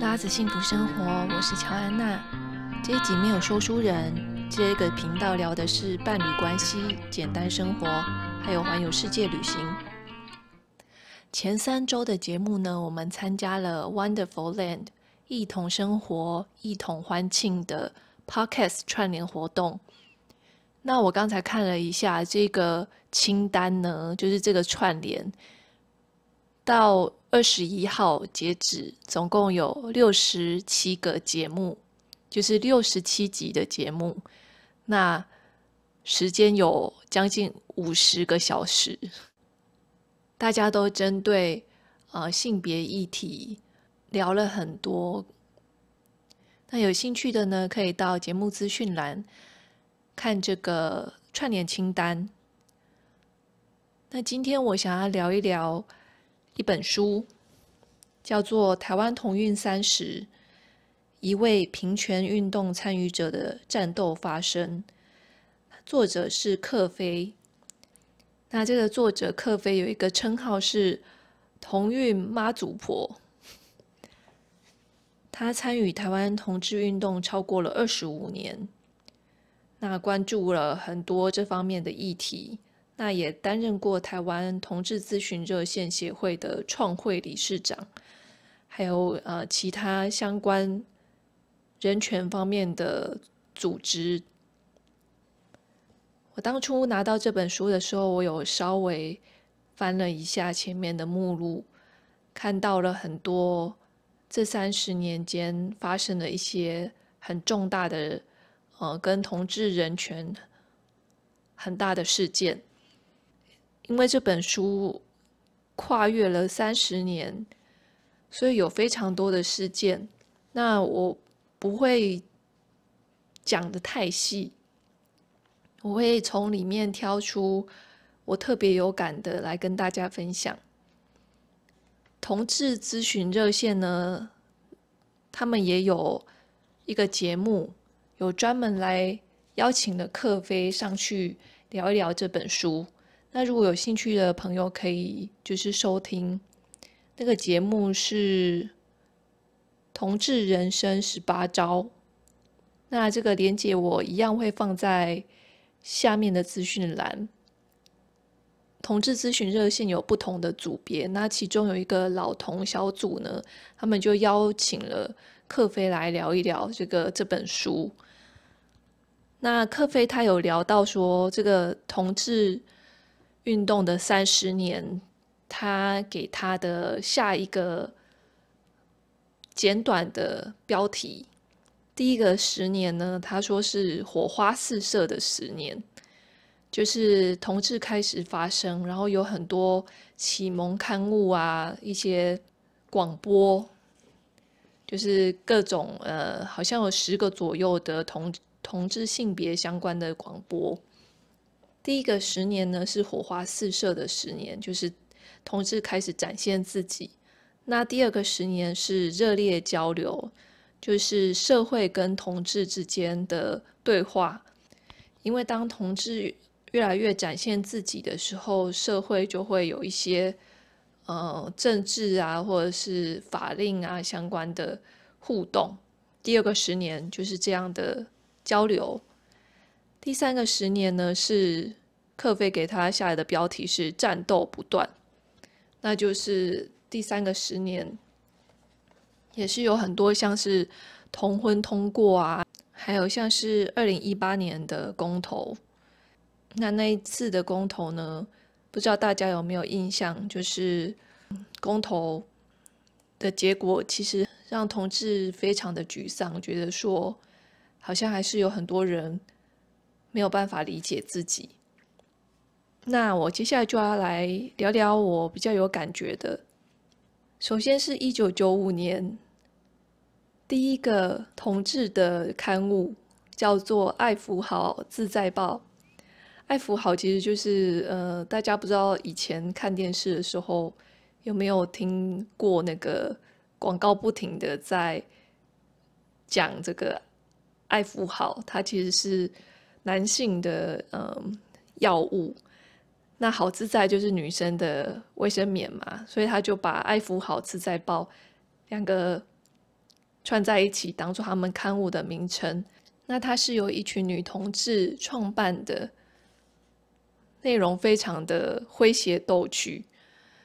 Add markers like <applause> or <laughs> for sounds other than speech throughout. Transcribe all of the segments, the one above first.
拉子幸福生活，我是喬安娜。這一集沒有說書人，這個頻道聊的是伴侶關係、簡單生活，還有環遊世界旅行。前三週的節目呢，我們參加了彎的 for land，疫同生活，異同歡慶的 Podcast 串聯活動。那我剛才看了一下這個清單呢，就是這個串聯到。二十一號截止，總共有六十七個節目，就是六十七集的節目。那時間有將近五十個小時，大家都針對呃性別議題聊了很多。那有興趣的呢，可以到節目資訊欄看這個串聯清單。那今天我想要聊一聊。一本書叫做《台灣同運三十》，一位平權運動參與者的戰鬥發聲。作者是喀飛。那這個作者喀飛有一個稱號是“同運媽祖婆”，他參與台灣同志運動超過了二十五年，那關注了很多這方面的議題。那也擔任過台灣同志諮詢熱線協會的創會理事長，還有呃其他相關人權方面的組織。我當初拿到這本書的時候，我有稍微翻了一下前面的目錄，看到了很多這三十年間發生的一些很重大的，呃，跟同志人權很大的事件。因為這本書跨越了三十年，所以有非常多的事件。那我不會講得太細，我會從裡面挑出我特別有感的來跟大家分享。同志諮詢熱線呢，他們也有一個節目，有專門來邀請了喀飛上去聊一聊這本書。那如果有興趣的朋友，可以就是收聽那個節目是《同志人生十八招》。那這個連接我一樣會放在下面的資訊欄。同志諮詢熱線有不同的組別，那其中有一個老同小組呢，他們就邀請了喀飛來聊一聊這個這本書。那喀飛他有聊到說，這個同志。運動的三十年，他給他的下一個簡短的標題。第一個十年呢，他說是火花四射的十年，就是同志開始發聲，然後有很多啟蒙刊物啊，一些廣播，就是各種呃，好像有十個左右的同同志性別相關的廣播。第一個十年呢是火花四射的十年，就是同志開始展現自己。那第二個十年是熱烈交流，就是社會跟同志之間的對話。因為當同志越來越展現自己的時候，社會就會有一些呃政治啊或者是法令啊相關的互動。第二個十年就是這樣的交流。第三個十年呢，是喀飛給他下來的標題是“戰鬥不斷”，那就是第三個十年，也是有很多像是同婚通過啊，還有像是二零一八年的公投。那那一次的公投呢，不知道大家有沒有印象？就是公投的結果，其實讓同志非常的沮喪，覺得說好像還是有很多人。沒有辦法理解自己。那我接下來就要來聊聊我比較有感覺的。首先是一九九五年第一個同志的刊物，叫做《愛福好自在報》。愛福好其實就是呃，大家不知道以前看電視的時候有沒有聽過那個廣告，不停的在講這個愛福好，它其實是。男性的嗯，藥物，那好自在就是女生的衛生棉嘛，所以他就把愛福好自在報兩個串在一起，當做他們刊物的名稱。那它是由一群女同志創辦的，內容非常的詼諧逗趣。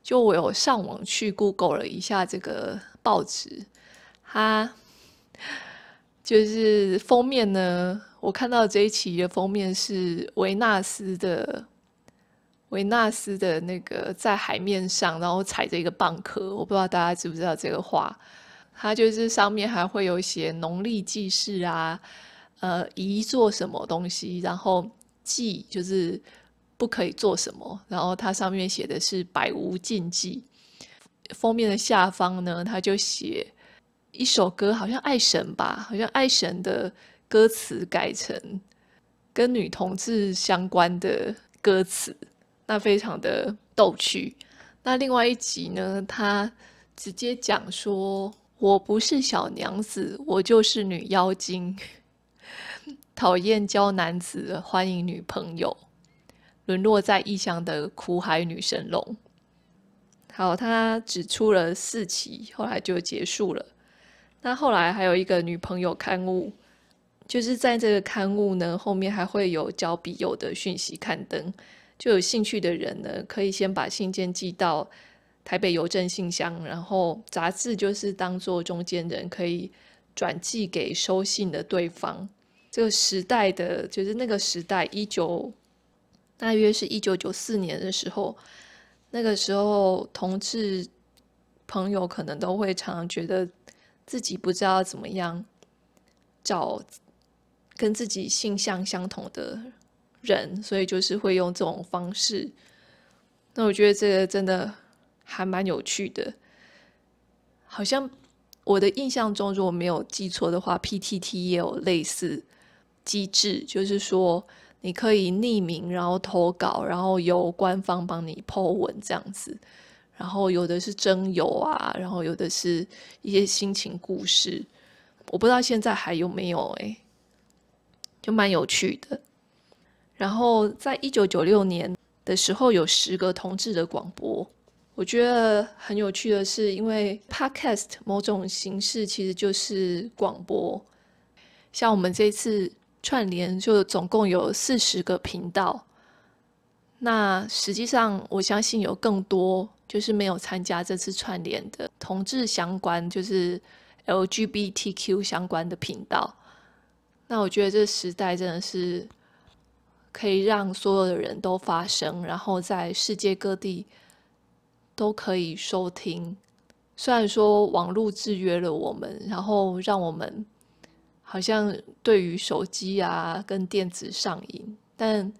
就我有上網去 Google 了一下這個報紙，它就是封面呢。我看到這一期的封面是維納斯的，維納斯的那個在海面上，然後踩着一個蚌殼。我不知道大家知不知道這個畫，它就是上面還會有寫農曆記事啊，呃，宜做什麼東西，然後忌就是不可以做什麼。然後它上面寫的是百無禁忌。封面的下方呢，它就寫一首歌，好像愛神吧，好像愛神的。歌詞改成跟女同志相關的歌詞，那非常的逗趣。那另外一集呢，他直接講說：“我不是小娘子，我就是女妖精，討 <laughs> 厭交男子，歡迎女朋友，淪落在異鄉的苦海女神龍。”好，他只出了四期，後來就結束了。那後來還有一個女朋友刊物。就是在這個刊物呢，後面還會有交筆友的訊息刊登，就有興趣的人呢，可以先把信件寄到台北郵政信箱，然後雜誌就是當作中間人，可以轉寄給收信的對方。這個時代的就是那個時代，一九大約是一九九四年的時候，那個時候同志朋友可能都會常常覺得自己不知道怎麼樣找。跟自己性向相同的人，所以就是會用這種方式。那我覺得這個真的還蠻有趣的。好像我的印象中，如果沒有記錯的話，PTT 也有類似機制，就是說你可以匿名然後投稿，然後由官方幫你 po 文這樣子。然後有的是徵友啊，然後有的是一些心情故事。我不知道現在還有沒有哎、欸。就蠻有趣的。然後在一九九六年的時候有十個同志的廣播。我覺得很有趣的是，因為 podcast 某種形式其實就是廣播，像我們這次串聯就總共有四十個頻道，那實際上我相信有更多就是沒有參加這次串聯的同志相關，就是 LGBTQ 相關的頻道。那我覺得這時代真的是可以讓所有的人都發聲，然後在世界各地都可以收聽。雖然說網絡制約了我們，然後讓我們好像對於手機啊跟電子上癮，但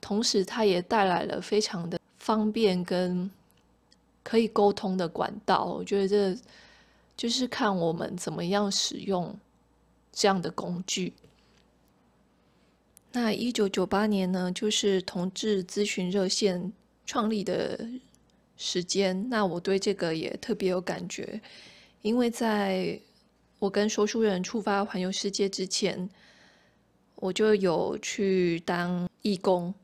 同時它也帶來了非常的方便跟可以溝通的管道。我覺得這就是看我們怎麼樣使用這樣的工具。那一九九八年呢，就是同志諮詢熱線創立的時間。那我對這個也特別有感覺，因為在我跟說書人出發環遊世界之前，我就有去當義工。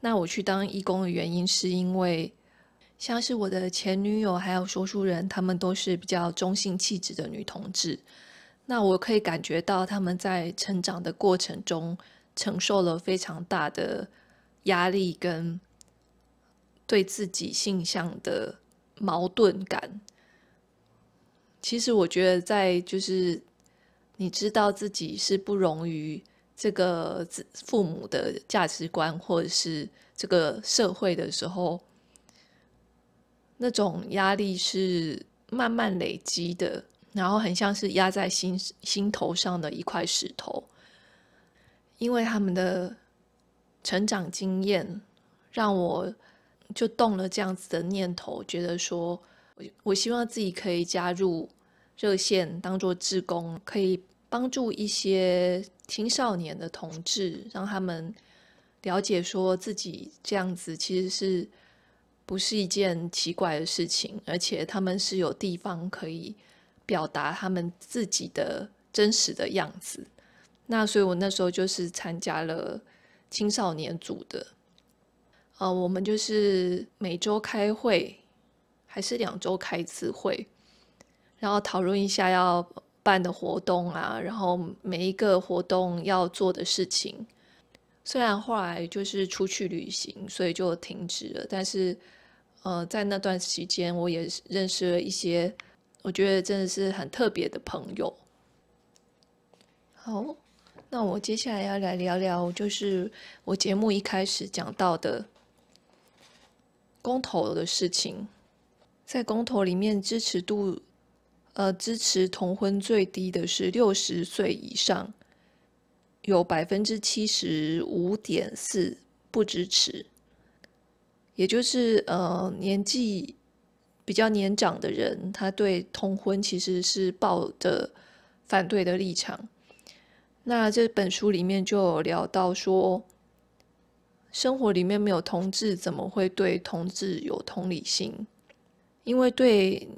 那我去當義工的原因，是因為像是我的前女友，還有說書人，他們都是比較中性氣質的女同志。那我可以感覺到他們在成長的過程中承受了非常大的壓力，跟對自己性向的矛盾感。其實我覺得，在就是你知道自己是不容於這個父母的價值觀，或者是這個社會的時候，那種壓力是慢慢累積的。然後很像是壓在心心頭上的一塊石頭，因為他們的成長經驗，讓我就動了這樣子的念頭，覺得說我，我希望自己可以加入熱線，當做志工，可以幫助一些青少年的同志，讓他們了解說自己這樣子其實是不是一件奇怪的事情，而且他們是有地方可以。表達他們自己的真實的樣子。那所以我那時候就是參加了青少年組的，呃，我們就是每周開會，還是兩周開一次會，然後討論一下要辦的活動啊，然後每一個活動要做的事情。雖然後來就是出去旅行，所以就停止了。但是，呃，在那段期間，我也認識了一些。我覺得真的是很特別的朋友。好，那我接下來要來聊聊，就是我節目一開始講到的公投的事情。在公投裡面，支持度，呃，支持同婚最低的是六十歲以上，有百分之七十五點四不支持，也就是呃年紀。比較年長的人，他對同婚其實是抱着反對的立場。那這本書裡面就有聊到說，生活裡面沒有同志，怎麼會對同志有同理心？因為對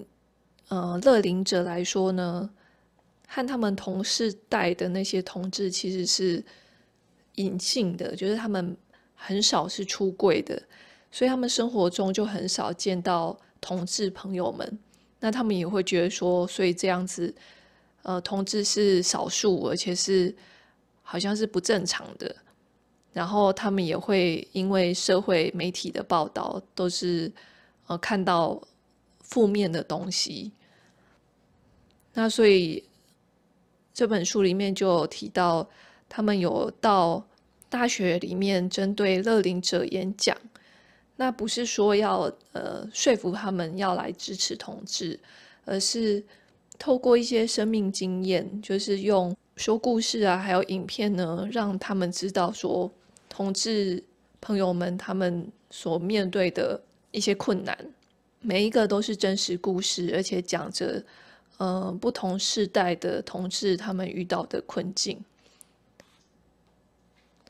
呃樂齡者來說呢，和他們同世代的那些同志其實是隱性的，就是他們很少是出櫃的，所以他們生活中就很少見到。同志朋友們，那他們也會覺得說，所以這樣子，呃，同志是少數，而且是好像是不正常的。然後他們也會因為社會媒體的報道都是呃看到負面的東西，那所以這本書裡面就有提到，他們有到大學裡面針對樂齡者演講。那不是說要呃說服他們要來支持同志，而是透過一些生命經驗，就是用說故事啊，還有影片呢，讓他們知道說同志朋友們他們所面對的一些困難，每一個都是真實故事，而且講着嗯、呃、不同世代的同志他們遇到的困境。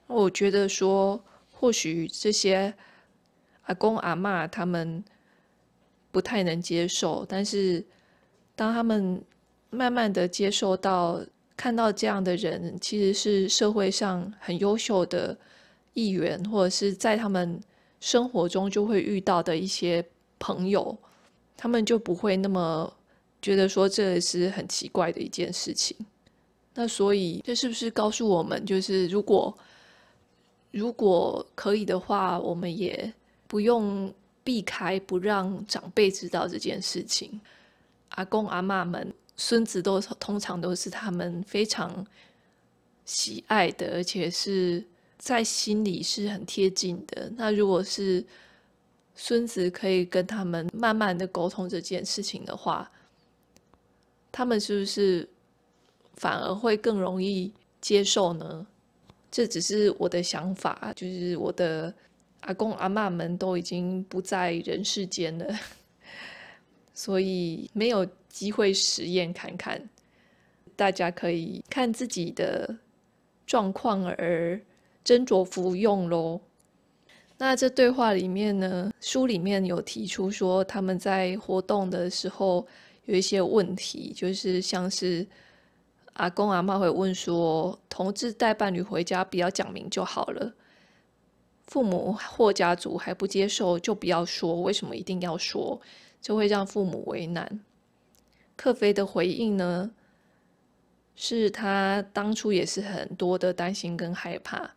我覺得說或許這些。阿公阿嬤他們不太能接受，但是當他們慢慢的接受到、看到這樣的人，其實是社會上很優秀的議員，或者是在他們生活中就會遇到的一些朋友，他們就不會那麼覺得說這是很奇怪的一件事情。那所以這是不是告訴我們，就是如果如果可以的話，我們也不用避開，不讓長輩知道這件事情。阿公阿嬤們，孫子都通常都是他們非常喜愛的，而且是在心裡是很貼近的。那如果是孫子可以跟他們慢慢的溝通這件事情的話，他們是不是反而會更容易接受呢？這只是我的想法，就是我的。阿公阿媽們都已經不在人世間了，所以沒有機會實驗看看。大家可以看自己的狀況而斟酌服用咯。那這對話裡面呢，書裡面有提出說，他們在活動的時候有一些問題，就是像是阿公阿媽會問說，同志帶伴侶回家，不要講明就好了。父母或家族還不接受，就不要說。為什麼一定要說？就會讓父母為難。喀飛的回應呢，是他當初也是很多的擔心跟害怕，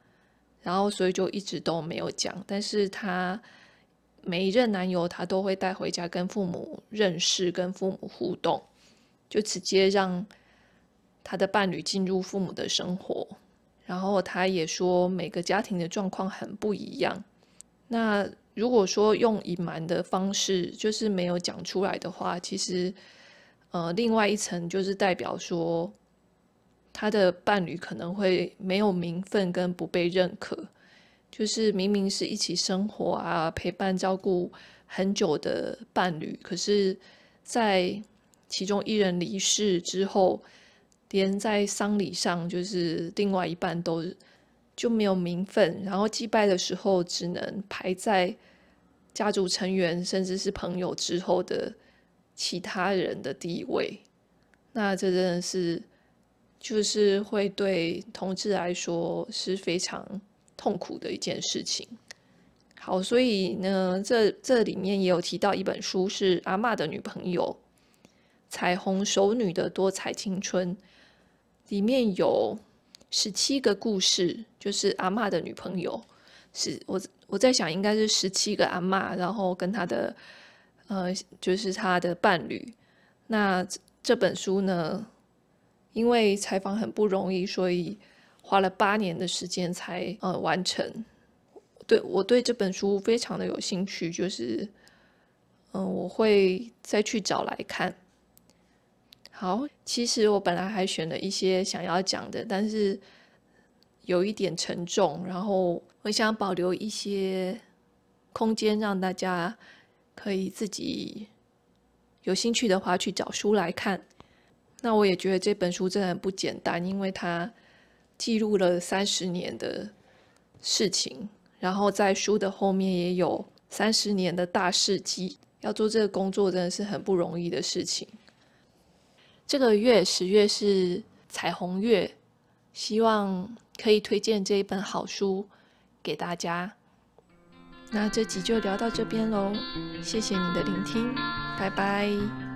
然後所以就一直都沒有講。但是他每一任男友，他都會帶回家跟父母認識，跟父母互動，就直接讓他的伴侶進入父母的生活。然後他也說，每個家庭的狀況很不一樣。那如果說用隱瞞的方式，就是沒有講出來的話，其實，呃，另外一層就是代表說，他的伴侶可能會沒有名分跟不被認可，就是明明是一起生活啊、陪伴照顧很久的伴侶，可是在其中一人離世之後。連在喪禮上，就是另外一半都就沒有名分，然後祭拜的時候只能排在家族成員甚至是朋友之後的其他人的地位。那這真的是就是會對同志來說是非常痛苦的一件事情。好，所以呢，這這裡面也有提到一本書，是阿嬤的女朋友，彩虹熟女的多彩青春。裡面有十七個故事，就是阿嬤的女朋友，是我我在想應該是十七個阿嬤，然後跟他的呃，就是他的伴侶。那這本書呢，因為採訪很不容易，所以花了八年的時間才呃完成。對，我對這本書非常的有興趣，就是嗯、呃，我會再去找來看。好，其實我本來還選了一些想要講的，但是有一點沉重，然後我想保留一些空間，讓大家可以自己有興趣的話去找書來看。那我也覺得這本書真的很不簡單，因為它記錄了三十年的事情，然後在書的後面也有三十年的大事記。要做這個工作，真的是很不容易的事情。這個月，十月是彩虹月，希望可以推薦這一本好書給大家。那這集就聊到這邊嘍，謝謝你的聆聽，拜拜。